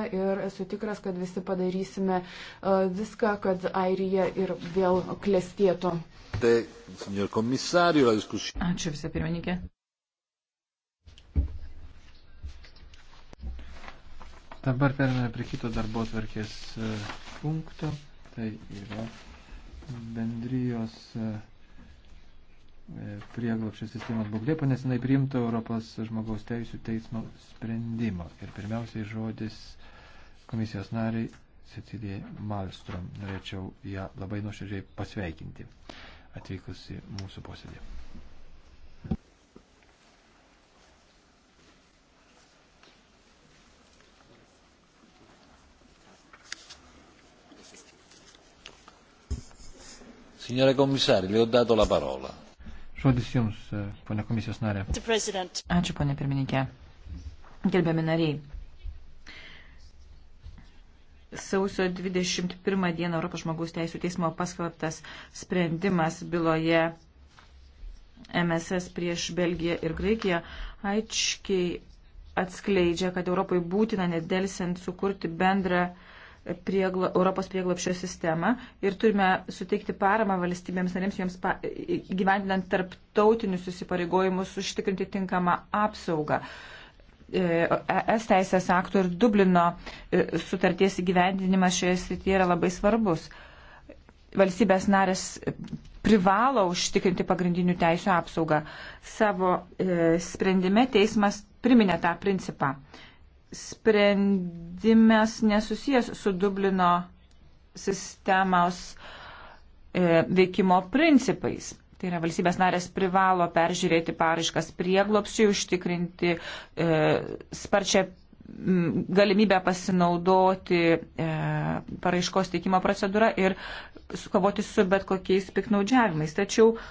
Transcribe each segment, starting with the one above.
ir esu tikras, kad visi padarysime e, viską, kad Airija ir vėl klestėtų. Ačiū visą pirmininkę. Dabar perėmėme prie kito darbo atvarkės e, punkto. Tai yra bendrijos e, E, prieglapščio sistemos būklė, nes jinai priimta Europos žmogaus teisų teismo sprendimo. Ir pirmiausiai žodis komisijos nariai Cecilijai Malstrom. Norėčiau ją labai nuoširdžiai pasveikinti atvykus į mūsų posėdį. Signora commissario, le ho dato la parola. Žodis Jums, e, ponė komisijos narė. Ačiū, ponė pirmininkė. Gerbiami nariai. Sausio 21 dieną Europos žmogaus teisų teismo paskelbtas sprendimas byloje MSS prieš Belgiją ir Graikiją aiškiai atskleidžia, kad Europai būtina nedelsiant sukurti bendrą uh, priegla, Europos prieglopšio sistemą ir turime suteikti paramą valstybėms narėms, joms pa, gyvendinant tarptautinius susipareigojimus, užtikrinti tinkamą apsaugą. ES e teisės aktų ir Dublino e, sutarties įgyvendinimas šioje srityje yra labai svarbus. Valstybės narės privalo užtikrinti pagrindinių teisų apsaugą. Savo e, sprendime teismas priminė tą principą. E, sprendimas nesusijęs su Dublino sistemos e, veikimo principais. Tai yra valstybės narės privalo peržiūrėti paraiškas prieglopščiai, užtikrinti e, sparčią galimybę pasinaudoti e, paraiškos teikimo procedūrą ir sukovoti su bet kokiais piknaudžiavimais. Tačiau e,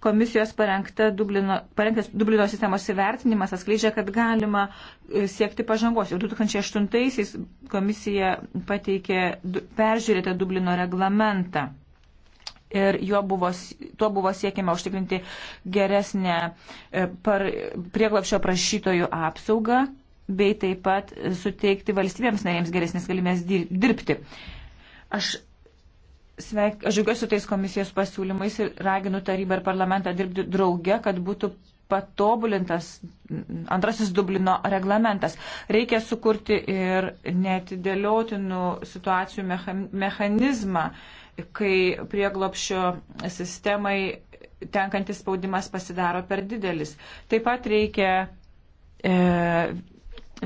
komisijos parengta Dublino, parengtas Dublino sistemos įvertinimas atskleidžia, kad galima e, siekti pažangos. Jau 2008-aisiais komisija pateikė peržiūrėtą Dublino reglamentą. Ir buvo, tuo buvo siekiama užtikrinti geresnę e, par, prieglapšio prašytojų apsaugą, bei taip pat suteikti valstybėms narėms geresnės galimės dirbti. Aš sveik, aš žiūrėsiu tais komisijos pasiūlymais ir raginu tarybą ir parlamentą dirbti drauge, kad būtų patobulintas antrasis Dublino reglamentas. Reikia sukurti ir netidėliotinų situacijų mechanizmą, kai prieglopšio sistemai tenkantis spaudimas pasidaro per didelis. Taip pat reikia e,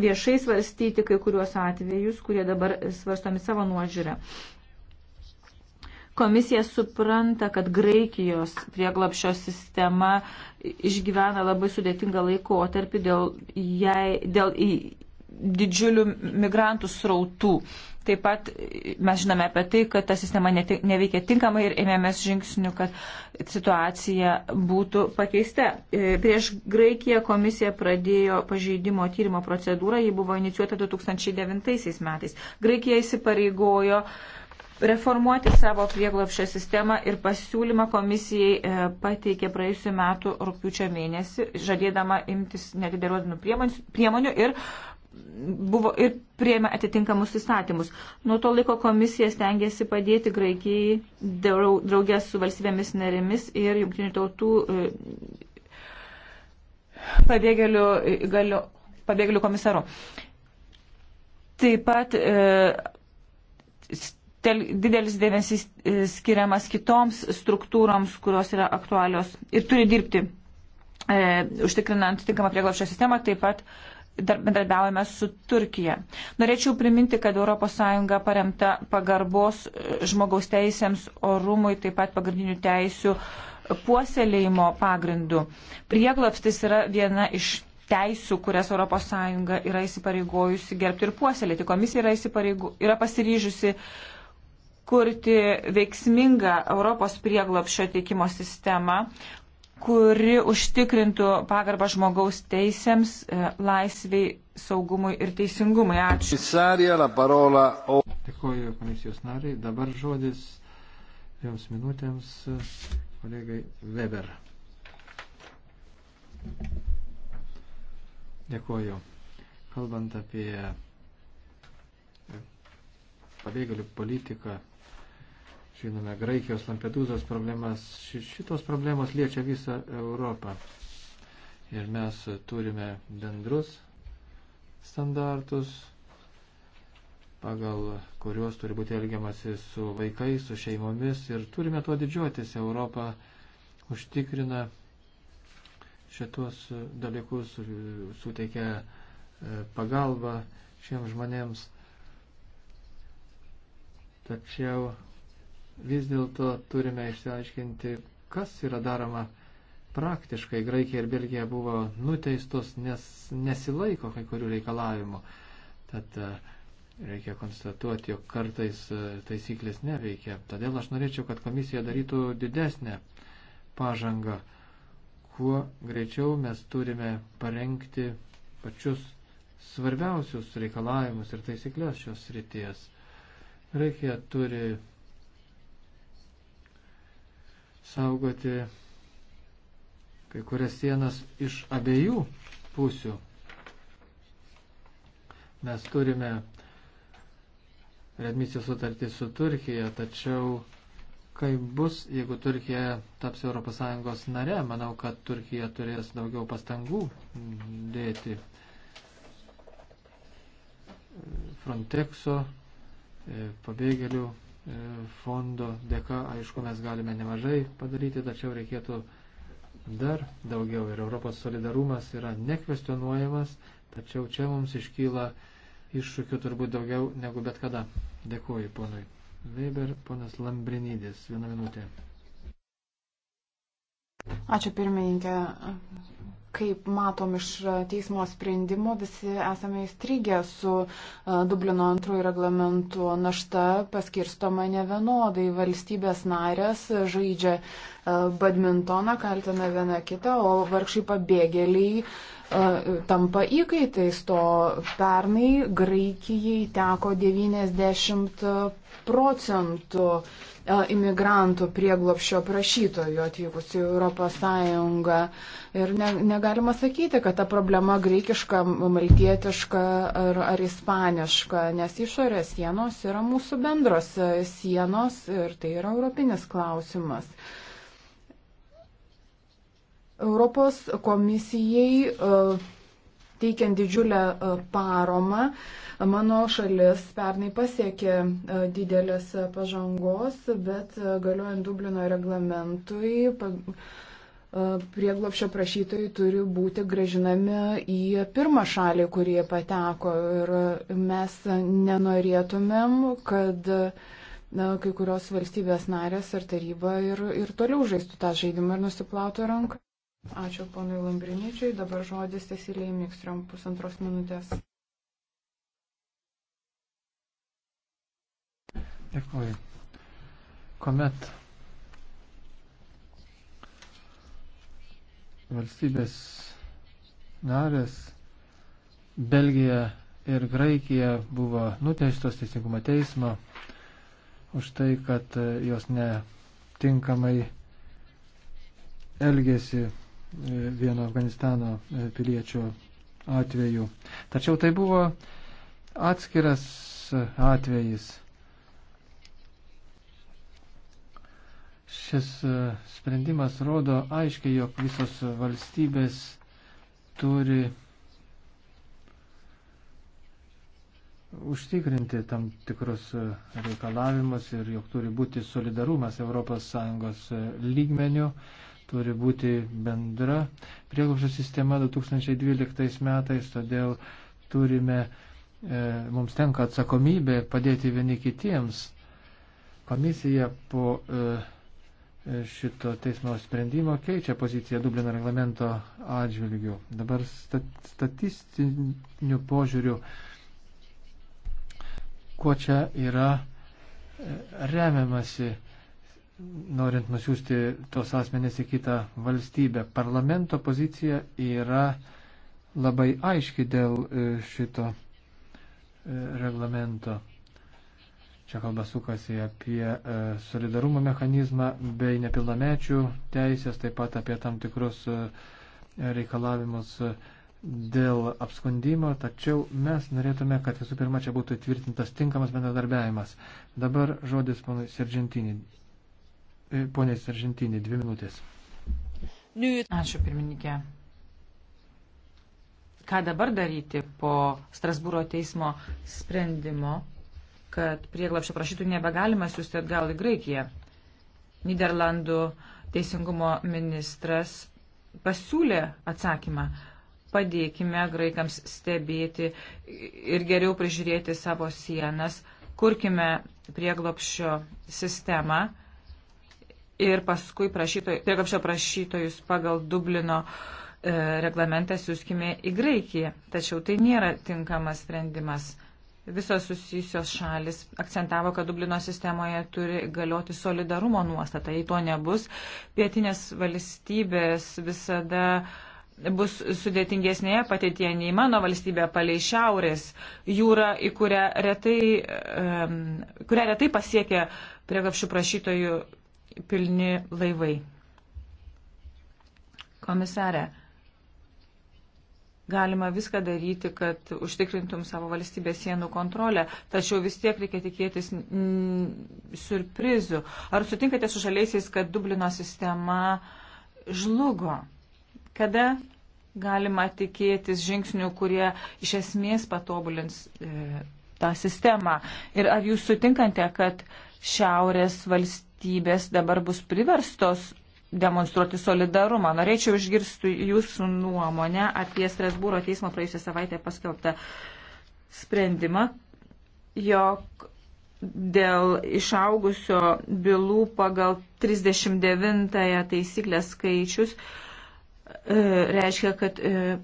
viešai svarstyti kai kuriuos atvejus, kurie dabar svarstomi savo nuožiūrę. E, Komisija supranta, kad Graikijos prieglapšio sistema išgyvena labai sudėtingą laikotarpį dėl, jai, dėl didžiulių migrantų srautų. Taip pat mes žinome apie tai, kad ta sistema neveikia tinkamai ir ėmėmės žingsnių, kad situacija būtų pakeista. E, prieš Graikiją komisija pradėjo pažeidimo tyrimo procedūrą, ji buvo inicijuota 2009 metais. Graikija įsipareigojo uh, reformuoti savo prieglopščio sistemą ir pasiūlymą komisijai e, pateikė praėjusiu metu rūpiučio mėnesį, žadėdama imtis netidėliotinų priemonių ir buvo ir prieėmė atitinkamus įstatymus. Nuo to laiko komisija stengiasi padėti Graikijai draugės su valstybėmis narėmis ir jungtinių tautų e, pabėgėlių, galiu, pabėgėlių komisaru. Taip pat e, tel, didelis dėmesys e, skiriamas kitoms struktūroms, kurios yra aktualios ir turi dirbti, e, užtikrinant tinkamą prieglapšio sistemą, taip pat bendradarbiaujame su Turkija. Norėčiau priminti, kad ES paremta pagarbos e, žmogaus teisėms, orumui, taip pat pagrindinių teisių puoselėjimo pagrindu. Prieglapstis yra viena iš teisų, kurias ES yra įsipareigojusi gerbti ir puoselėti. Komisija yra, yra pasiryžusi uh, kurti veiksmingą Europos prieglapšio teikimo sistemą, kuri užtikrintų pagarbą žmogaus teisėms, e, laisviai, saugumui ir teisingumui. Ačiū. Dėkuoju komisijos nariai. Dabar žodis dviems minutėms kolegai Weber. Dėkuoju. Kalbant apie pabėgėlių politiką Žinome Graikijos Lampedūzos problemas. Šitos problemos liečia visą Europą. Ir mes turime bendrus standartus, pagal kuriuos turi būti elgiamasi su vaikais, su šeimomis. Ir turime tuo didžiuotis. Europą užtikrina šitos dalykus, suteikia e, pagalbą šiems žmonėms. Tačiau vis dėlto turime išsiaiškinti, kas yra daroma praktiškai. Graikija ir Belgija buvo nuteistos, nes nesilaiko kai kurių reikalavimų. Tad e, reikia konstatuoti, jog kartais e, taisyklės neveikia. Todėl aš norėčiau, kad komisija darytų didesnę pažangą. Kuo greičiau mes turime parengti pačius svarbiausius reikalavimus ir taisyklės šios ryties. Graikija turi saugoti kai kurias sienas iš abiejų pusių. Mes turime redmisijos sutartį su Turkija, tačiau kaip bus, jeigu Turkija taps ES nare, manau, kad Turkija turės daugiau pastangų dėti Frontexo e, pabėgėlių E, fondo dėka, aišku, mes galime nemažai padaryti, tačiau reikėtų dar daugiau. Ir Europos solidarumas yra nekvestionuojamas, tačiau čia mums iškyla iššūkių turbūt daugiau negu bet kada. Dėkuoju ponui. Weber, ponas Lambrinydis, vieną minutę. Ačiū pirmininkė. Kaip matom iš teismo sprendimo, visi esame įstrigę su e, Dublino antrųjų reglamentu. Našta paskirstoma nevienodai. Valstybės narės žaidžia uh, badmintoną, kaltina viena kitą, o vargšai pabėgėliai e, tampa įkaitais. To pernai Graikijai teko 90 procentų e, imigrantų prieglopšio prašytojų atvykusių į Europos Sąjungą. Ir ne, negalima sakyti, kad ta problema greikiška, maltietiška ar, ar ispaniška, nes išorės sienos yra mūsų bendros sienos ir tai yra europinis klausimas. Uh, Europos komisijai e, teikiant didžiulę e, paromą, mano šalis pernai pasiekė e, didelės pažangos, bet galiojant Dublino reglamentui, prieglopšio prašytojai turi būti gražinami į pirmą šalį, kurie pateko. Ir mes nenorėtumėm, kad na, kai kurios valstybės narės ar taryba ir, ir toliau žaistų tą žaidimą ir nusiplautų ranką. Ačiū ponui Lambriniečiui. Dabar žodis Cecilijai Mikstrom pusantros minutės. Dėkuoju. Komet valstybės narės Belgija ir Graikija buvo nuteistos teisingumo teismo už tai, kad jos netinkamai elgėsi vieno Afganistano e, piliečio atveju. Tačiau tai buvo atskiras atvejis. Šis e, sprendimas rodo aiškiai, jog visos valstybės turi užtikrinti tam tikrus e, reikalavimus ir jog turi būti solidarumas ES lygmenių turi būti bendra prieglobščio sistema 2012 metais, todėl turime, e, mums tenka atsakomybė padėti vieni kitiems. Komisija po e, e šito teismo sprendimo keičia poziciją Dublino reglamento atžvilgių. Dabar stat, statistiniu požiūriu, kuo čia yra e, remiamasi. E, norint nusiųsti tos asmenės į kitą valstybę. Parlamento pozicija yra labai aiški dėl e, šito e, reglamento. Čia kalba sukasi apie e, solidarumo mechanizmą bei nepilnamečių teisės, taip pat apie tam tikrus reikalavimus dėl apskundimo, tačiau mes norėtume, kad visų pirma čia būtų tvirtintas tinkamas bendradarbiavimas. Dabar žodis ponui Sergentinį E, Pone Saržantinė, dvi minutės. Ačiū pirmininkė. Ką dabar daryti po Strasbūro teismo sprendimo, kad prieglapšio prašytų nebegalima siūsti atgal į Graikiją? Niderlandų teisingumo ministras pasiūlė atsakymą. Padėkime graikams stebėti ir geriau prižiūrėti savo sienas, kurkime prieglopščio sistemą ir paskui prieglapšio prašytojus pagal Dublino e, reglamentą siūskime į Graikiją. Tačiau tai nėra tinkamas sprendimas. Visos susijusios šalis akcentavo, kad Dublino sistemoje turi galioti solidarumo nuostata. Jei to nebus, pietinės valstybės visada bus sudėtingesnėje patėtie nei mano valstybė palei šiaurės jūrą, į kurią retai, um, kurią retai pasiekia prieglapšių prašytojų pilni laivai. Komisarė, galima viską daryti, kad užtikrintum savo valstybės sienų kontrolę, tačiau vis tiek reikia tikėtis mm, surprizų. Ar sutinkate su žaliaisiais, kad Dublino sistema žlugo? Kada galima tikėtis žingsnių, kurie iš esmės patobulins e, tą sistemą? Ir ar jūs sutinkate, kad šiaurės valstybės valstybės dabar bus priverstos demonstruoti solidarumą. Norėčiau išgirsti jūsų nuomonę apie Strasbūro teismo praėjusią savaitę paskelbtą sprendimą, jog dėl išaugusio bylų pagal 39 taisyklę skaičius e, reiškia, kad e,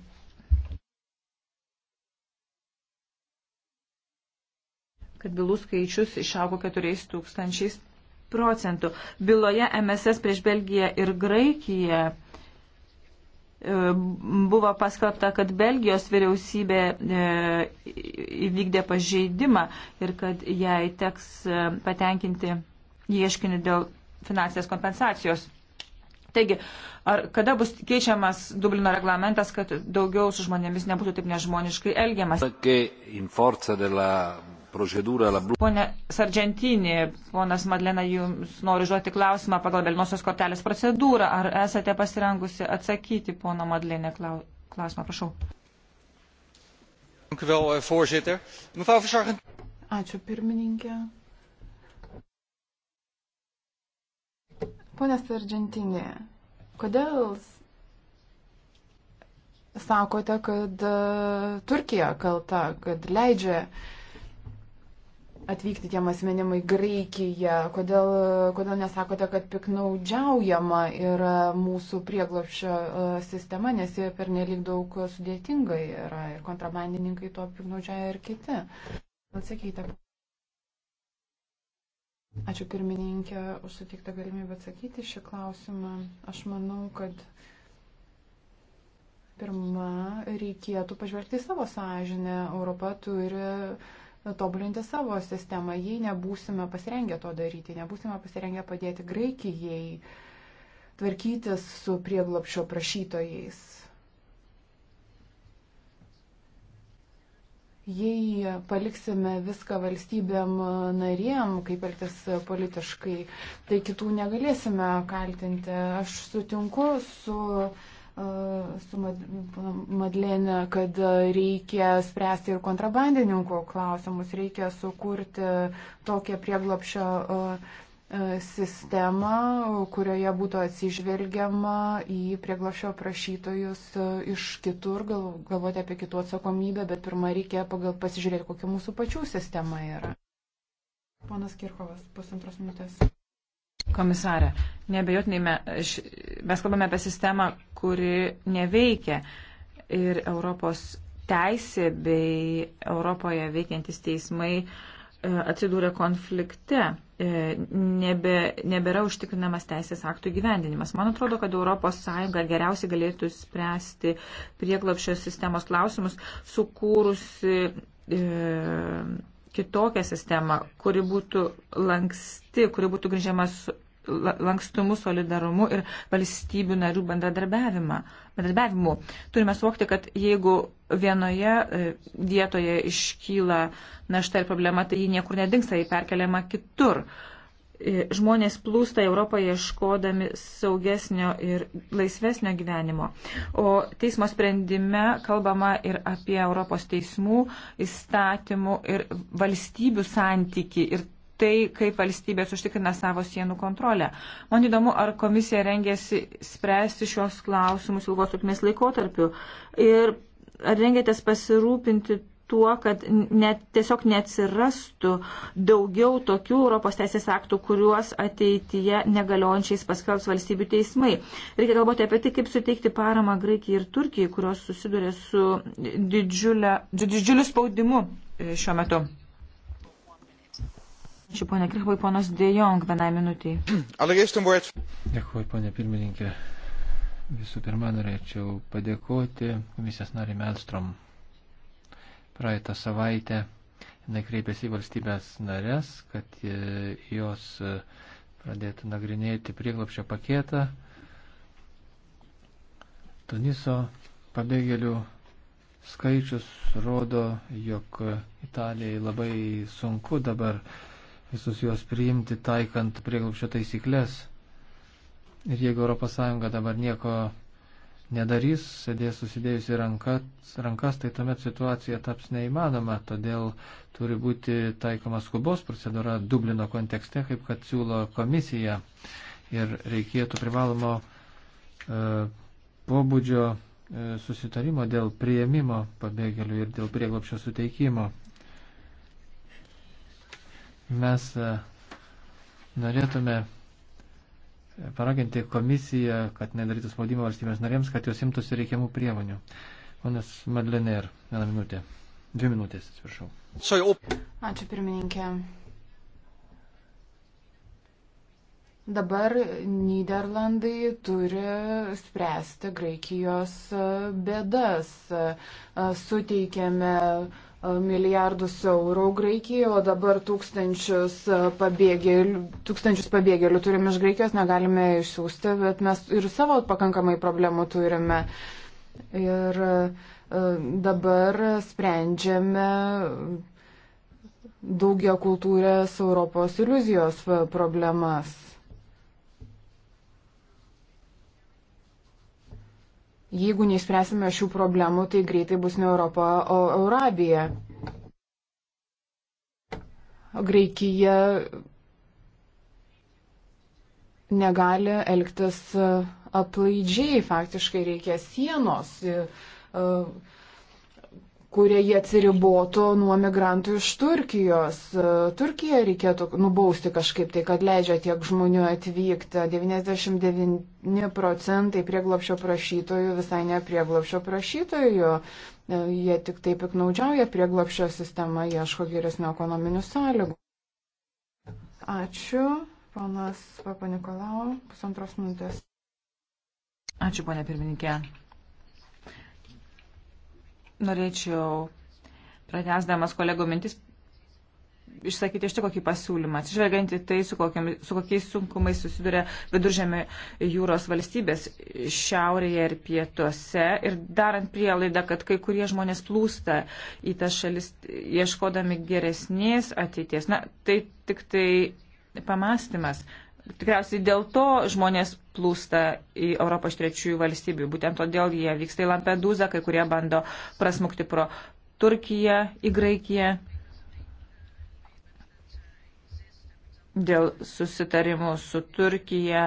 kad bylų skaičius išaugo 4 tūkstančiais procentų. Byloje MSS prieš Belgiją ir Graikiją e, buvo paskelbta, kad Belgijos vyriausybė e, įvykdė pažeidimą ir kad jai teks e, patenkinti ieškinį dėl finansinės kompensacijos. Taigi, ar kada bus keičiamas Dublino reglamentas, kad daugiau su žmonėmis nebūtų taip nežmoniškai elgiamas? procedūrą la blu. Pone Sargentinį, ponas Madlena, jums noriu žodžiu klausimą pagal Belinosios kortelės procedūrą. Ar esate pasirengusi atsakyti pono Madlenė klausimą? Prašau. Eh, Ačiū pirmininkė. Pone Sargentinė, kodėl sakote, kad eh, Turkija kalta, kad leidžia uh, atvykti tiem asmenim į Graikiją? Kodėl, kodėl nesakote, kad piknaudžiaujama yra mūsų prieglopščio e, sistema, nes jie per nelik daug sudėtingai yra ir kontrabandininkai to piknaudžiaja ir kiti? Atsakykite. Ačiū pirmininkė už sutiktą galimybę atsakyti šį klausimą. Aš manau, kad pirmą reikėtų pažvelgti į savo sąžinę. Europa turi tobulinti savo sistemą, jei nebūsime pasirengę to daryti, nebūsime pasirengę padėti Graikijai tvarkytis su prieglopšio prašytojais. Jei paliksime viską valstybėm narėm, kaip elgtis politiškai, tai kitų negalėsime kaltinti. Aš sutinku su uh, su Madlene, kad reikia spręsti ir kontrabandininkų klausimus, reikia sukurti tokią prieglopšio sistemą, kurioje būtų atsižvelgiama į prieglašio prašytojus iš kitur, gal, galvoti apie kitų atsakomybę, bet pirmą reikia pagal pasižiūrėti, kokia mūsų pačių sistema yra. Ponas Kirkovas, pusantros minutės. Komisarė, nebejotinai mes kalbame apie sistemą, kuri neveikia. Ir Europos teisė bei Europoje veikiantis teismai e, atsidūrė konflikte. E, nebe, nebėra užtikrinamas teisės aktų gyvendinimas. Man atrodo, kad ES geriausiai galėtų spręsti prieglapšio sistemos klausimus, sukūrusi e, kitokią sistemą, kuri būtų lanksti, kuri būtų grįžiama su lankstumu, solidarumu ir valstybių narių bendradarbiavimu. Turime suvokti, kad jeigu vienoje e, vietoje iškyla našta ir problema, tai ji niekur nedingsta, ji perkeliama kitur. E, žmonės plūsta Europoje ieškodami saugesnio ir laisvesnio gyvenimo. O teismo sprendime kalbama ir apie Europos teismų, įstatymų ir valstybių santyki ir tai, kaip valstybės užtikrina savo sienų kontrolę. Man įdomu, ar komisija rengėsi spręsti šios klausimus ilgos trukmės laikotarpiu ir ar rengėtės pasirūpinti tuo, kad net, tiesiog neatsirastų daugiau tokių Europos teisės aktų, kuriuos ateityje negaliojančiais paskelbs valstybių teismai. Reikia galvoti apie tai, kaip suteikti paramą Graikijai ir Turkijai, kurios susiduria su didžiulė, didžiuliu spaudimu e, šiuo metu. Ačiū, ponia Krihvai, ponas Dejong, vienai minutiai. Dėkuoju, ponia pirmininkė. Visų pirma, norėčiau padėkoti komisijos nariai Melstrom. Praeitą savaitę jinai kreipėsi į valstybės narės, kad jos e, pradėtų nagrinėti prieglapšio paketą Tuniso pabėgėlių skaičius rodo, jog Italijai labai sunku dabar visus juos priimti, taikant prieglupščio taisyklės. Ir jeigu ES dabar nieko nedarys, sėdės susidėjusi rankas, rankas, tai tuomet situacija taps neįmanoma. Todėl turi būti taikoma skubos procedūra Dublino kontekste, kaip kad siūlo komisija. Ir reikėtų privalomo e, pobūdžio e, susitarimo dėl prieimimo pabėgėlių ir dėl prieglopščio suteikimo. Mes e, norėtume e, paraginti komisiją, kad nedarytų spaudimo valstybės narėms, kad jos imtųsi reikiamų priemonių. Ponas Madlener, vieną minutę. Dvi minutės, atsiprašau. Ačiū pirmininkė. Dabar Niderlandai turi spręsti Graikijos e, bėdas. Suteikėme milijardus eurų Graikijai, o dabar tūkstančius pabėgėlių, tūkstančius pabėgėlių turim iš Graikijos, negalime išsiųsti, bet mes ir savo pakankamai problemų turime. Ir e, dabar sprendžiame daugia kultūrės Europos iliuzijos problemas. Jeigu neįspręsime šių problemų, tai greitai bus ne Europa, o Eurabija. Graikija negali elgtis e, aplaidžiai, faktiškai reikia sienos. Uh, kurie jie atsiribotų nuo migrantų iš Turkijos. E, Turkiją reikėtų nubausti kažkaip tai, kad leidžia tiek žmonių atvykti. 99 procentai prieglopšio prašytojų visai ne prieglopšio prašytojų. E, jie tik taip piknaudžiauja prieglopšio sistemą, ieško geresnių ekonominių sąlygų. Ačiū, ponas Papa Nikolau, pusantros minutės. Ačiū, ponė pirmininkė norėčiau, pratesdamas kolego mintis, išsakyti iš tokį pasiūlymą, atsižvelgiant į tai, su, kokiam, su kokiais sunkumais susiduria viduržėmio jūros valstybės šiaurėje ir pietuose ir darant prielaidą, kad kai kurie žmonės plūsta į tas šalis ieškodami geresnės ateities. Na, tai tik tai pamastymas. Tikriausiai dėl to žmonės plūsta į Europą iš trečiųjų valstybių. Būtent todėl jie vyksta į Lampedūzą, kai kurie bando prasmukti pro Turkiją į Graikiją. Dėl susitarimų su Turkija,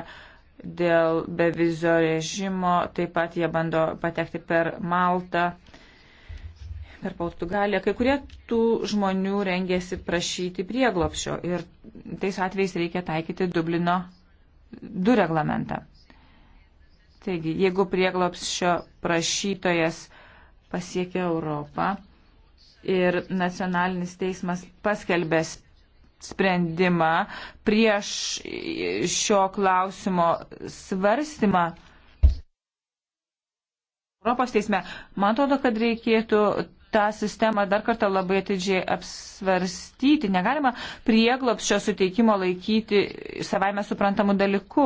dėl bevizio režimo, taip pat jie bando patekti per Maltą. Uh, per Portugaliją. Kai kurie tų žmonių rengėsi prašyti prieglopšio ir tais atvejais reikia taikyti Dublino 2 reglamentą. Taigi, jeigu prieglopšio prašytojas pasiekia Europą ir nacionalinis teismas paskelbė sprendimą prieš šio klausimo svarstymą, Europos teisme. Man atrodo, kad reikėtų tą sistemą dar kartą labai atidžiai apsvarstyti. Negalima prieglopščio suteikimo laikyti savaime suprantamų dalykų.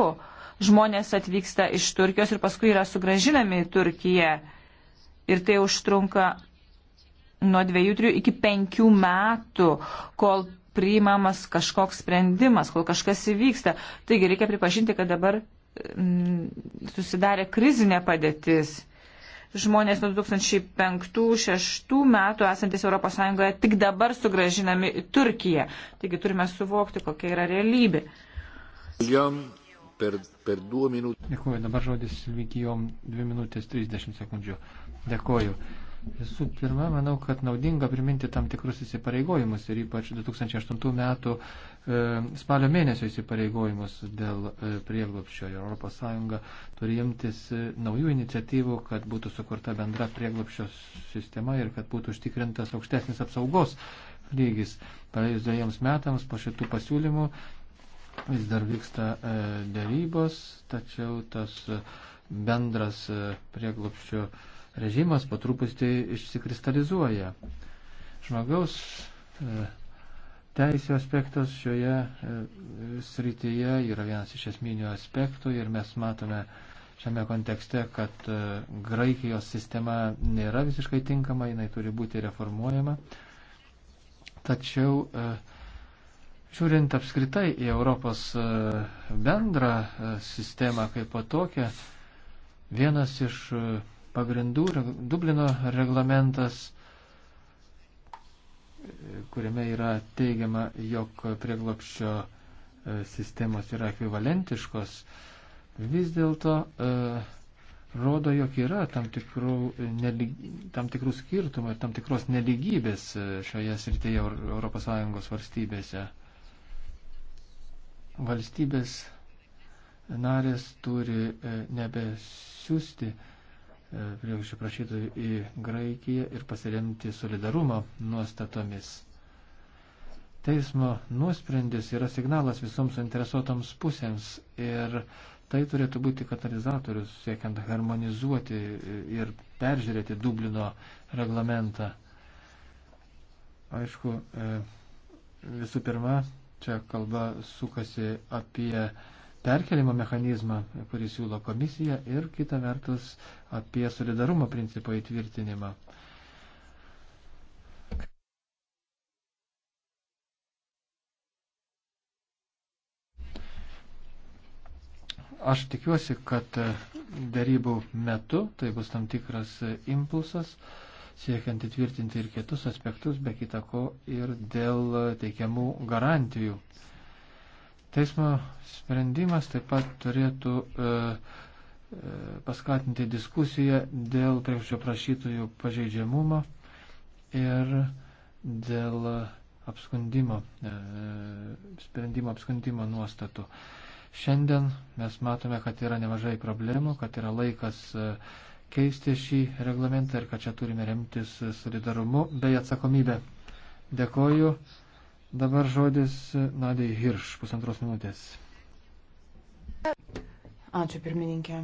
Žmonės atvyksta iš Turkijos ir paskui yra sugražinami į Turkiją. Ir tai užtrunka nuo dviejų, trijų iki penkių metų, kol priimamas kažkoks sprendimas, kol kažkas įvyksta. Taigi reikia pripažinti, kad dabar mm, susidarė krizinė padėtis žmonės nuo 2005-2006 metų esantis ES tik dabar sugražinami į Turkiją. Taigi turime suvokti, kokia yra realybė. Jam per, per 2 minutės. Dėkuoju, dabar žodis Silvigijom 2 minutės 30 sekundžių. Dėkuoju. Visų pirma, manau, kad naudinga priminti tam tikrus įsipareigojimus ir ypač 2008 metų e, spalio mėnesio įsipareigojimus dėl e, prieglopščio. Europos Sąjunga turi imtis e, naujų iniciatyvų, kad būtų sukurta bendra prieglopščio sistema ir kad būtų užtikrintas aukštesnis apsaugos lygis. Praėjus dviejams metams po šitų pasiūlymų vis dar vyksta dėrybos, tačiau tas bendras prieglopščio režimas po truputį išsikristalizuoja. Žmogaus e, teisė aspektas šioje e, srityje yra vienas iš esminių aspektų ir mes matome šiame kontekste, kad e, Graikijos sistema nėra visiškai tinkama, jinai turi būti reformuojama. Tačiau žiūrint apskritai į Europos bendrą sistemą kaip po tokią, vienas iš pagrindų, Dublino reglamentas, kuriame yra teigiama, jog prieglopščio e, sistemos yra ekvivalentiškos, vis dėlto e, rodo, jog yra tam tikrų, e, nelyg, tam tikrų skirtumų ir tam tikros neligybės e, šioje srityje ES valstybėse. Valstybės narės turi nebesiųsti E, prieglobščio prašytojų į Graikiją ir pasiremti solidarumo nuostatomis. Teismo nuosprendis yra signalas visoms interesuotoms pusėms ir tai turėtų būti katalizatorius siekiant harmonizuoti ir peržiūrėti Dublino reglamentą. Aišku, e, visų pirma, čia kalba sukasi apie perkelimo mechanizmą, kurį siūlo komisija, ir kita vertus apie solidarumo principo įtvirtinimą. Aš tikiuosi, kad darybų metu tai bus tam tikras impulsas, siekiant įtvirtinti ir kitus aspektus, be kitako ir dėl teikiamų garantijų. Teismo sprendimas taip pat turėtų e, e, paskatinti diskusiją dėl priekščio prašytojų pažeidžiamumo ir dėl apskundimo, e, sprendimo apskundimo nuostatų. Šiandien mes matome, kad yra nemažai problemų, kad yra laikas e, keisti šį reglamentą ir kad čia turime remtis solidarumu bei atsakomybę. Dėkoju. Dabar žodis Nadai Hirš, pusantros minutės. Ačiū pirmininkė.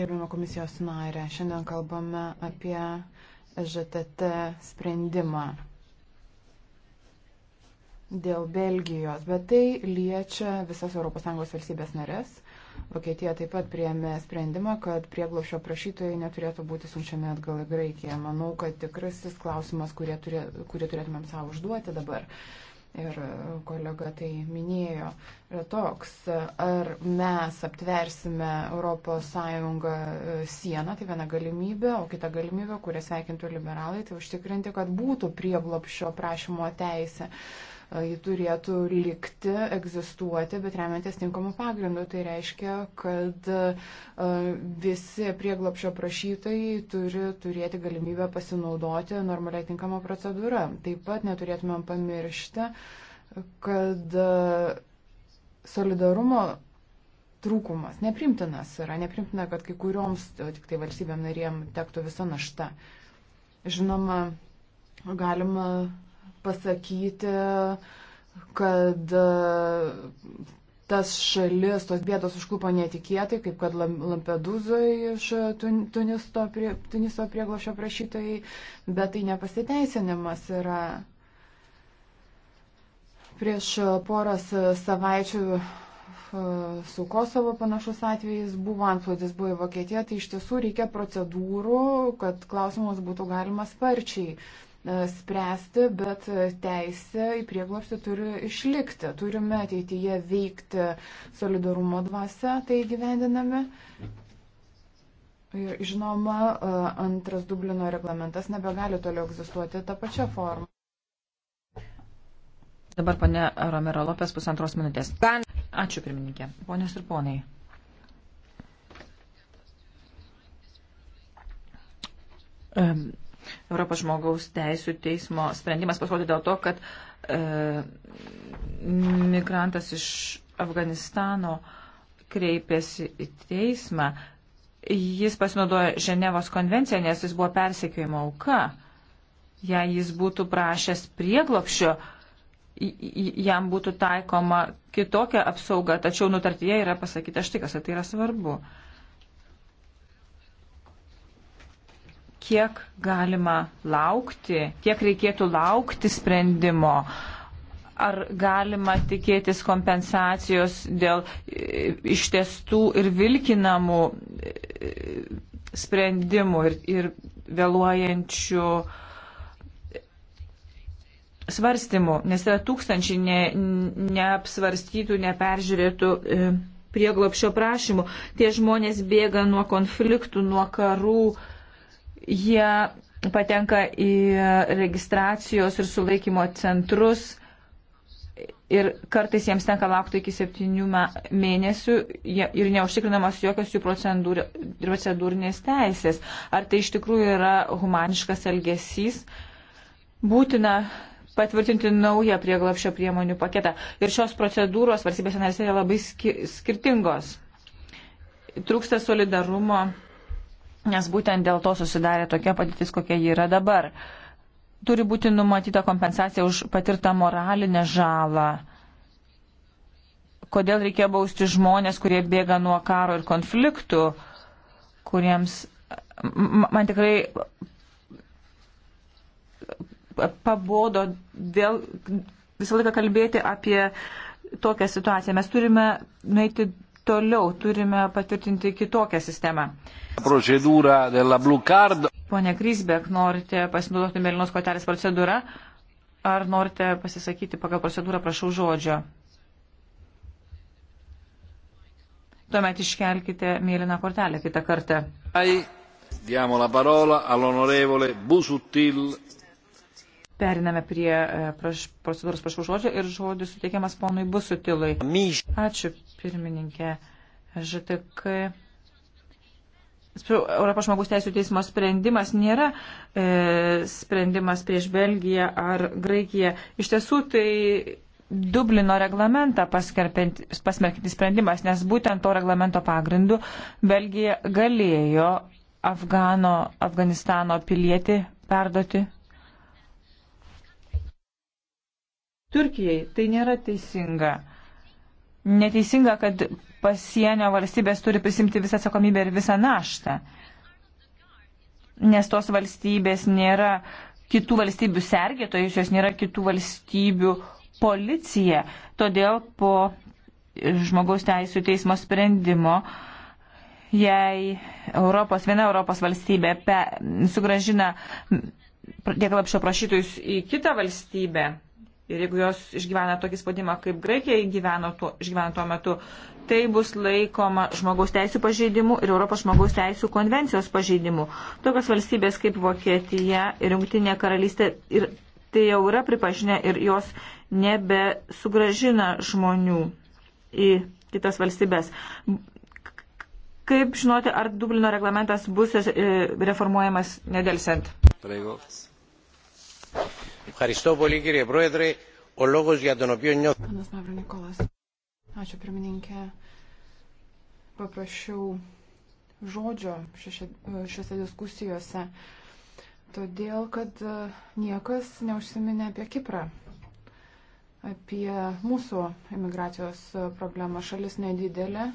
Gerbimo komisijos narė, šiandien kalbame apie ŽTT sprendimą dėl Belgijos, bet tai liečia visas ES valstybės narės. Vokietija taip pat priėmė sprendimą, kad prieglaušio prašytojai neturėtų būti sunčiami atgal į Graikiją. Manau, kad tikrasis klausimas, kurį, turė, kurį turėtumėm savo užduoti dabar, ir kolega tai minėjo, yra toks, ar mes aptversime ES e, sieną, tai viena galimybė, o kita galimybė, kurią sveikintų liberalai, tai užtikrinti, kad būtų prieglopšio prašymo teisė. Uh, ji turėtų likti, egzistuoti, bet remiantis tinkamų pagrindų. Tai reiškia, kad e, visi prieglopšio prašytojai turi turėti galimybę pasinaudoti normaliai tinkamą procedūrą. Taip pat neturėtumėm pamiršti, kad e, solidarumo trūkumas neprimtinas yra, neprimtina, kad kai kurioms tik tai valstybėm narėm tektų visa našta. Žinoma, galima pasakyti, kad e, tas šalis, tos bėdos užklupo netikėtai, kaip kad Lampedūzoje iš Tuniso, prie, Tuniso prieglošio prašytojai, bet tai nepasiteisinimas yra. Prieš poras savaičių e, su Kosovo panašus atvejais buvo antplūdis, buvo į Vokietiją, tai iš tiesų reikia procedūrų, kad klausimus būtų galima sparčiai E, spręsti, bet teisė į prieglopstį turi išlikti. Turime ateityje veikti solidarumo dvasę, tai gyvendinami. Ir, žinoma, e, antras Dublino reglamentas nebegali toliau egzistuoti tą pačią formą. Dabar pane Romero Lopės pusantros minutės. Ačiū pirmininkė. Ponios ir ponai. Um, Europos žmogaus teisų teismo sprendimas pasirodė dėl to, kad e, migrantas iš Afganistano kreipėsi į teismą. Jis pasinaudojo Ženevos konvenciją, nes jis buvo persekiojimo auka. Jei jis būtų prašęs prieglopšio, jam būtų taikoma kitokia apsauga, tačiau nutartyje yra pasakyta štai kas, tai yra svarbu. E, kiek galima laukti, kiek reikėtų laukti sprendimo. Ar galima tikėtis kompensacijos dėl e, ištestų ir vilkinamų e, sprendimų ir, ir vėluojančių svarstymų, nes yra tūkstančiai ne, neapsvarstytų, neperžiūrėtų e, prieglopšio prašymų. Tie žmonės bėga nuo konfliktų, nuo karų, Jie patenka į registracijos ir sulaikymo centrus ir kartais jiems tenka laukti iki septynių mėnesių ir neužtikrinamas jokios jų procedūrinės teisės. Ar tai iš tikrųjų yra humaniškas elgesys? Būtina patvirtinti naują prieglapšio priemonių paketą. Ir šios procedūros valstybės narėse yra labai skirtingos. Trūksta solidarumo nes būtent dėl to susidarė tokia padėtis, kokia ji yra dabar. Turi būti numatyta kompensacija už patirtą moralinę žalą. Kodėl reikia bausti žmonės, kurie bėga nuo karo ir konfliktų, kuriems man tikrai pabodo vėl visą laiką kalbėti apie tokią situaciją. Mes turime nueiti toliau turime patvirtinti kitokią sistemą. Pone Krisbek, norite pasinaudoti Melinos kotelės procedūrą? Ar norite pasisakyti pagal procedūrą, prašau žodžio? Tuomet iškelkite mėlyną kortelę kitą kartą. Diamo la parola all'onorevole Busuttil. Periname prie e, praš, procedūros prašau žodžio ir žodis suteikiamas ponui Busutilui. Ačiū, pirmininkė. ŽTK. Europos žmogus teisų teismo sprendimas nėra e, sprendimas prieš Belgiją ar Graikiją. Iš tiesų tai Dublino reglamentą pasmerkinti sprendimas, nes būtent to reglamento pagrindu Belgija galėjo Afgano, Afganistano pilietį perduoti Turkijai. Tai nėra teisinga neteisinga, kad pasienio valstybės turi prisimti visą atsakomybę ir visą naštą, nes tos valstybės nėra kitų valstybių sergėtojus, jos nėra kitų valstybių policija. Todėl po žmogaus teisų teismo sprendimo, jei Europos, viena Europos valstybė pe, sugražina prieglapšio prašytojus į kitą valstybę, Ir jeigu jos išgyvena tokį spaudimą, kaip Graikija išgyveno tuo, išgyveno tuo metu, tai bus laikoma žmogaus teisų pažeidimu ir Europos žmogaus teisų konvencijos pažeidimu. Tokios valstybės kaip Vokietija ir Junktinė karalystė ir tai jau yra pripažinę ir jos nebesugražina žmonių į kitas valstybės. Kaip žinoti, ar Dublino reglamentas bus e, reformuojamas nedelsiant? Pareigos. Ευχαριστώ πολύ κύριε Πρόεδρε. Ο λόγος για τον οποίο νιώθω... Panas Mavro Nikolas. Ačiū pirmininkė. Paprašiau žodžio šiose diskusijose, todėl kad e, niekas neužsiminė apie Kiprą, apie mūsų imigracijos problemą. Šalis nedidelė,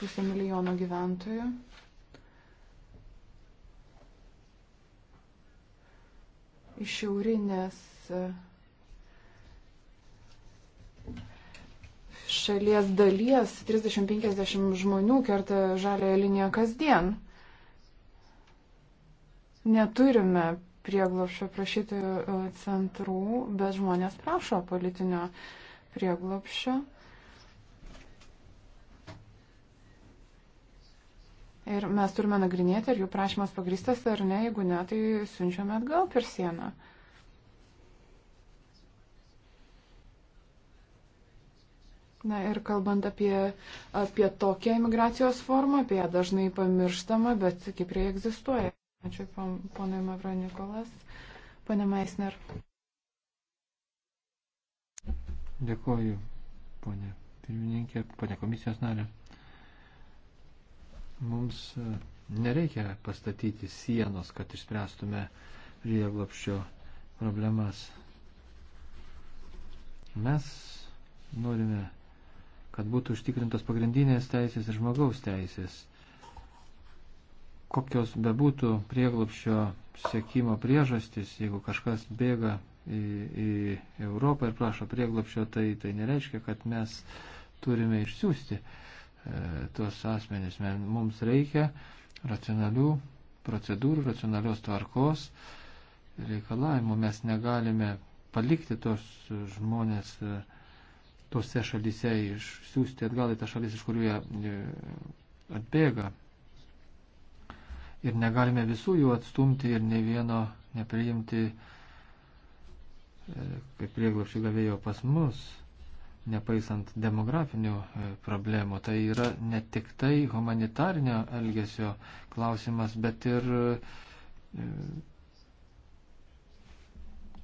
pusė milijono gyventojų. šiaurinės e, šalies dalies 30-50 žmonių kerta žalėją liniją kasdien. Neturime prieglopšio prašytojų e, centrų, bet žmonės prašo politinio prieglopšio. Ir mes turime nagrinėti, ar jų prašymas pagristas ar ne. Jeigu ne, tai siunčiame atgal per sieną. Na ir kalbant apie, apie tokią imigracijos formą, apie ją dažnai pamirštama, bet Kiprė egzistuoja. Ačiū ponui Mavro Nikolas, pane Meisner. Dėkuoju, ponė pirmininkė, ponė komisijos narė. Mums e, nereikia pastatyti sienos, kad išspręstume prieglopščio problemas. Mes norime, kad būtų užtikrintos pagrindinės teisės ir žmogaus teisės. Kokios bebūtų prieglopščio sėkimo priežastis, jeigu kažkas bėga į, į Europą ir prašo prieglopščio, tai tai nereiškia, kad mes turime išsiųsti uh, E, tuos asmenys. Mums reikia racionalių procedūrų, racionalios tvarkos reikalavimų. Mes negalime palikti tos žmonės e, tose šalyse, išsiųsti atgal į tą šalis, iš kurių jie e, atbėga. Ir negalime visų jų atstumti ir ne vieno nepriimti, kaip prieglaušį gavėjo pas mus nepaisant demografinių e, problemų. Tai yra ne tik tai humanitarinio elgesio klausimas, bet ir e,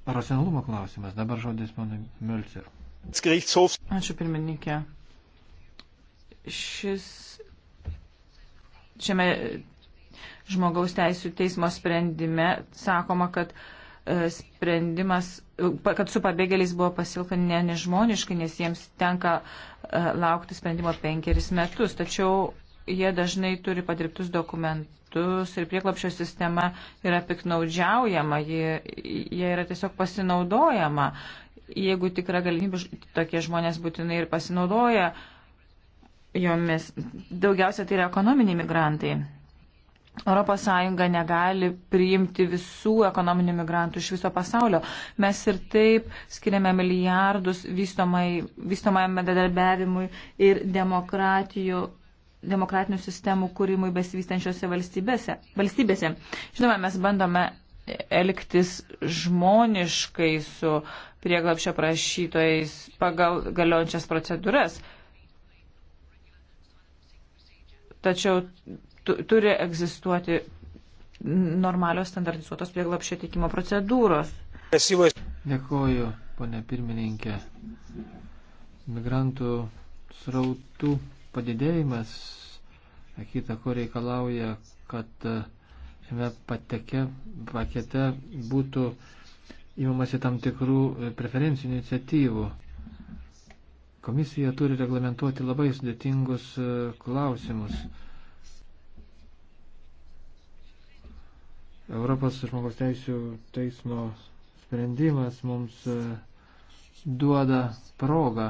racionalumo klausimas. Dabar žodis mano Mölcer. Ačiū pirmininkė. Šis, šiame žmogaus teisų teismo sprendime sakoma, kad uh, E, sprendimas, kad su pabėgėliais buvo pasilka ne nežmoniškai, nes jiems tenka e, laukti sprendimo penkeris metus. Tačiau jie dažnai turi padirbtus dokumentus ir prieklapšio sistema yra piknaudžiaujama, jie, jie yra tiesiog pasinaudojama. Jeigu tikra galimybė, tokie žmonės būtinai ir pasinaudoja jomis. Daugiausia tai yra ekonominiai migrantai. ES negali priimti visų ekonominių migrantų iš viso pasaulio. Mes ir taip skiriame milijardus vystomajam bendradarbiavimui ir demokratijų demokratinių sistemų kūrimui besivystančiose valstybėse. valstybėse. Žinoma, mes bandome elgtis žmoniškai su prieglapšio prašytojais pagal galiojančias procedūras. Tačiau turi egzistuoti normalios standartizuotos prieglapšio teikimo procedūros. Dėkuoju, ponė pirmininkė. Migrantų srautų padidėjimas, kita ko reikalauja, kad e, šiame pateke, pakete būtų įmamasi tam tikrų e, preferencijų iniciatyvų. Komisija turi reglamentuoti labai sudėtingus e, klausimus. Europos žmogaus teisų teismo sprendimas mums e, duoda progą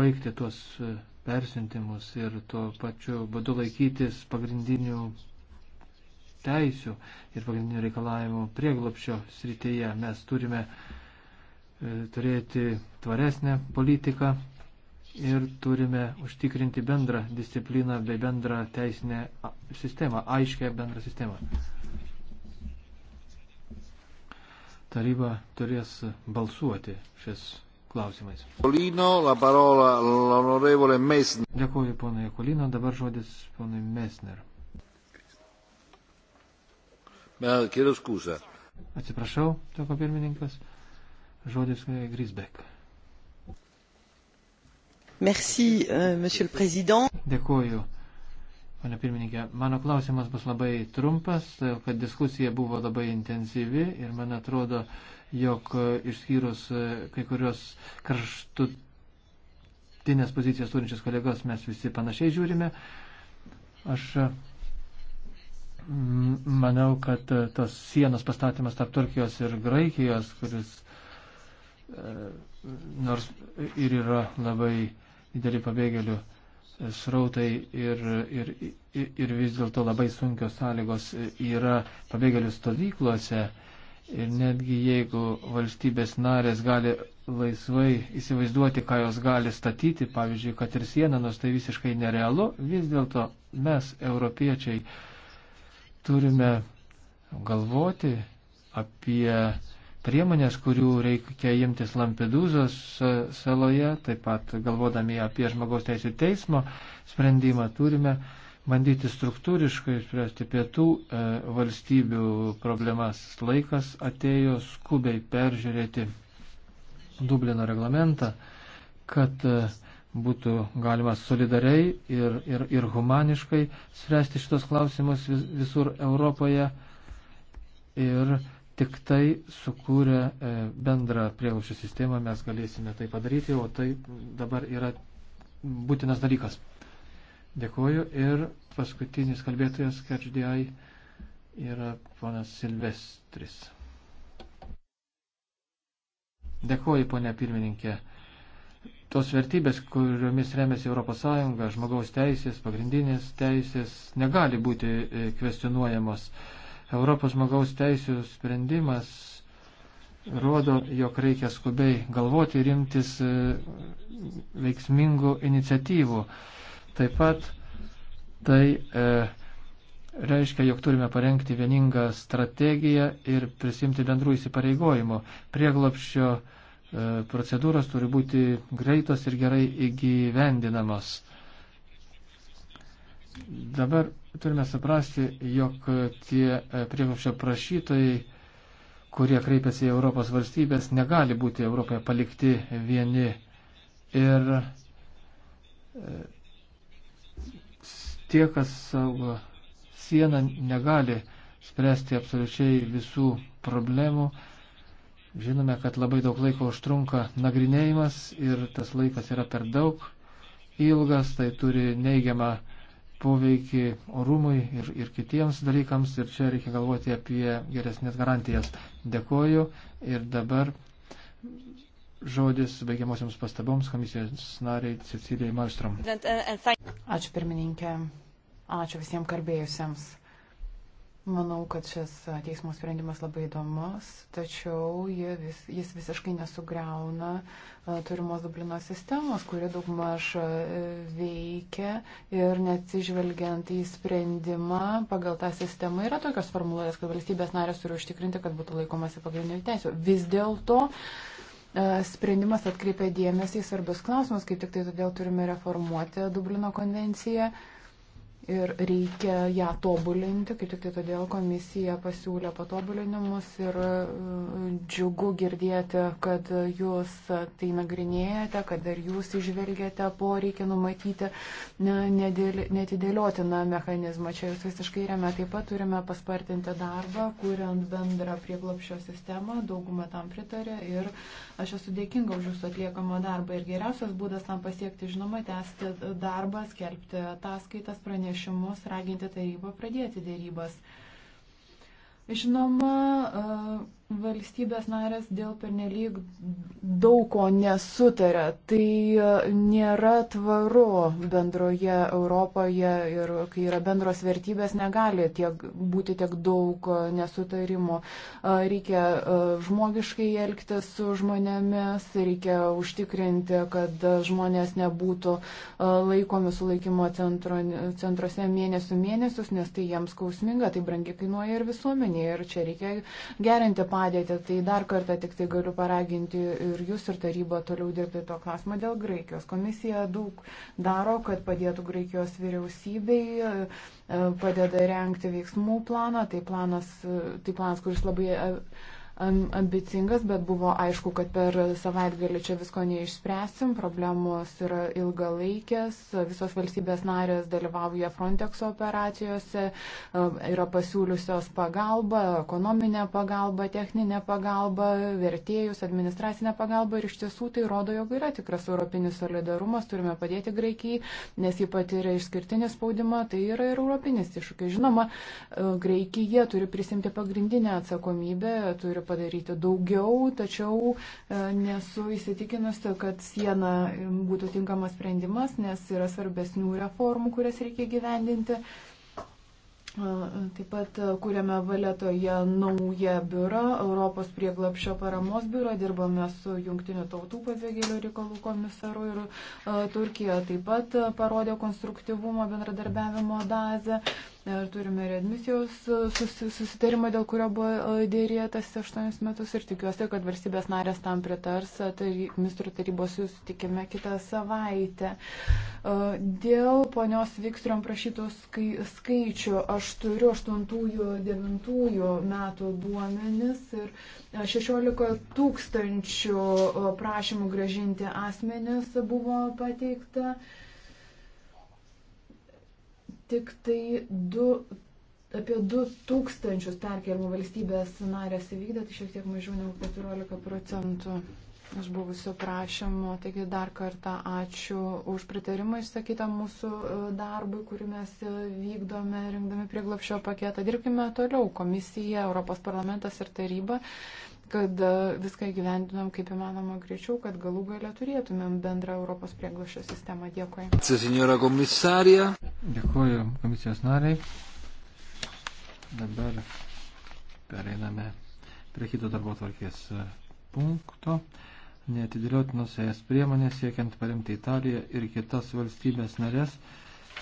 baigti tuos e, persintimus ir tuo pačiu būdu laikytis pagrindinių teisių ir pagrindinių reikalavimų prieglopšio srityje. Mes turime e, turėti tvaresnę politiką, ir turime užtikrinti bendrą discipliną bei bendrą teisinę sistemą, aiškę bendrą sistemą. Taryba turės balsuoti šis klausimais. Kolino, la parola, l'onorevole Mesner. Dėkuoju ponai Kolino, dabar žodis ponai Mesner. Kėdus kūsa. Atsiprašau, sako pirmininkas. Žodis Grisbek. Merci, euh, monsieur le président. Dėkuoju, pane pirmininkė. Mano klausimas bus labai trumpas, kad diskusija buvo labai intensyvi ir man atrodo, jog e, išskyrus e, kai kurios kraštutinės pozicijas turinčius kolegos mes visi panašiai žiūrime. Aš e, manau, kad tas sienos pastatymas tarp Turkijos ir Graikijos, kuris nors ir yra labai dideli pabėgėlių e, srautai ir, ir, ir vis dėlto labai sunkios sąlygos e, yra pabėgėlių stovyklose. Ir netgi jeigu valstybės narės gali laisvai įsivaizduoti, ką jos gali statyti, pavyzdžiui, kad ir sieną, nors tai visiškai nerealu, vis dėlto mes, europiečiai, turime galvoti apie priemonės, kurių reikia imtis Lampedūzos e, saloje, taip pat galvodami apie žmogaus teisų teismo sprendimą, turime bandyti struktūriškai spręsti pietų e, valstybių problemas. Laikas atėjo skubiai peržiūrėti Dublino reglamentą, kad e, būtų galima solidariai ir, ir, ir humaniškai spręsti šitos klausimus vis, visur Europoje. Ir Tik tai sukūrę e, bendrą prieglaušių sistemą mes galėsime tai padaryti, o tai dabar yra būtinas dalykas. Dėkuoju ir paskutinis kalbėtojas KHDI yra ponas Silvestris. Dėkuoju, ponė pirmininkė. Tos vertybės, kuriomis remiasi ES, žmogaus teisės, pagrindinės teisės, negali būti e, kvestionuojamos. E, Europos žmogaus teisų sprendimas rodo, jog reikia skubiai galvoti ir imtis e, veiksmingų iniciatyvų. Taip pat tai e, reiškia, jog turime parengti vieningą strategiją ir prisimti bendrų įsipareigojimų. Prieglopščio e, procedūros turi būti greitos ir gerai įgyvendinamos. E, Dabar turime suprasti, jog tie e, prieglobščio prašytojai, kurie kreipiasi į Europos valstybės, negali būti Europoje palikti vieni. Ir e, tie, kas saugo sieną, negali spręsti absoliučiai visų problemų. Žinome, kad labai daug laiko užtrunka nagrinėjimas ir tas laikas yra per daug ilgas, tai turi neigiamą poveikį orumui ir, ir kitiems dalykams ir čia reikia galvoti apie geresnės garantijas. Dėkoju ir dabar žodis baigiamosiams pastaboms komisijos nariai Cecilijai Malstrom. Ačiū pirmininkė, ačiū visiems kalbėjusiems. Manau, kad šis teismo sprendimas labai įdomus, tačiau vis, jis visiškai nesugriauna turimos Dublino sistemos, kuri daugmaž veikia ir neatsižvelgiant į sprendimą pagal tą sistemą yra tokios formuluotės, kad valstybės narės turi užtikrinti, kad būtų laikomasi pagrindinių teisų. Vis dėlto sprendimas atkreipia dėmesį į svarbius klausimus, kaip tik tai todėl turime reformuoti Dublino konvenciją. Uh, ir reikia ją tobulinti, kaip tik tai todėl komisija pasiūlė patobulinimus ir e, džiugu girdėti, kad jūs tai nagrinėjate, kad ar jūs išvelgėte poreikį numatyti netidėliotiną mechanizmą. Čia jūs visiškai remia. Taip pat turime paspartinti darbą, kuriant bendrą prieglopšio sistemą. Dauguma tam pritarė ir aš esu dėkinga už jūsų atliekamą darbą. Ir geriausias būdas tam pasiekti, žinoma, tęsti darbą, skelbti ataskaitas, pranešti pranešimus, raginti tarybą pradėti dėrybas. Žinoma, valstybės narės dėl pernelyg daug ko nesutarė. Tai e, nėra tvaru bendroje Europoje ir kai yra bendros vertybės, negali tiek, būti tiek daug e, nesutarimų. E, reikia žmogiškai elgtis su žmonėmis, reikia užtikrinti, kad žmonės nebūtų laikomi sulaikymo centro, centruose mėnesių mėnesius, nes tai jiems skausminga, tai brangiai kainuoja ir visuomenė. Ir čia reikia gerinti patirtį padėtį. Tai dar kartą tik tai galiu paraginti ir jūs, ir tarybą toliau dirbti to klausimo dėl Graikijos. Komisija daug daro, kad padėtų Graikijos vyriausybei, e, padeda renkti veiksmų planą. Tai planas, e, tai planas kuris labai e, ambicingas, bet buvo aišku, kad per savaitgalį čia visko neišspręsim, problemos yra ilgalaikės, visos valstybės narės dalyvauja Frontex operacijose, yra pasiūliusios pagalba, ekonominė pagalba, techninė pagalba, vertėjus, administracinė pagalba ir iš tiesų tai rodo, jog yra tikras europinis solidarumas, turime padėti Graikijai, nes ji patiria išskirtinį spaudimą, tai yra ir europinis iššūkis. Žinoma, Graikija turi prisimti pagrindinę atsakomybę, turi padaryti daugiau, tačiau e, nesu įsitikinusi, kad siena būtų tinkamas sprendimas, nes yra svarbesnių reformų, kurias reikia gyvendinti. E, taip pat e, kūrėme Valetoje naują biurą, Europos prieglapšio paramos biurą, dirbame su Junktinių tautų pabėgėlių reikalų komisaru ir Turkija taip pat parodė konstruktyvumo bendradarbiavimo dazę. Ir turime readmisijos e, susitarimą, dėl kurio buvo e, dėrėtas 8 metus ir tikiuosi, kad valstybės narės tam pritars e, tary, ministrų tarybos susitikime kitą savaitę. Dėl ponios Vikstriom prašytų skai, skaičių aš turiu 8-9 metų duomenis ir 16 tūkstančių prašymų gražinti asmenis buvo pateikta tik tai du, apie 2000 perkelimų valstybės narės įvykdė, tai šiek tiek mažiau negu 14 procentų iš buvusio prašymo. Taigi dar kartą ačiū už pritarimą išsakytą mūsų e, darbui, kurį mes e, vykdome rinkdami prieglapšio paketą. Dirbkime toliau. Komisija, Europos parlamentas ir taryba kad e, viską įgyvendinam kaip įmanoma greičiau, kad galų galę turėtumėm bendrą Europos prieglašio sistemą. Dėkui. Dėkuoju komisijos nariai. Dabar pereiname prie kito darbo tvarkės e, punkto. Neatidėliotinos ES priemonės siekiant paremti Italiją ir kitas valstybės narės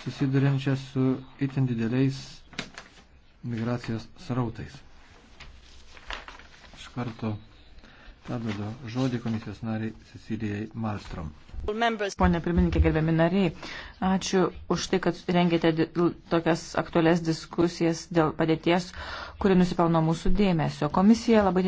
susiduriančias su itin dideliais migracijos srautais iš karto Paduodu žodį komisijos nariai Cecilijai Malstrom. Pone pirmininkė, gerbiami nariai, ačiū už tai, kad rengėte tokias aktualias diskusijas dėl padėties, kuri nusipelno mūsų dėmesio. Komisija labai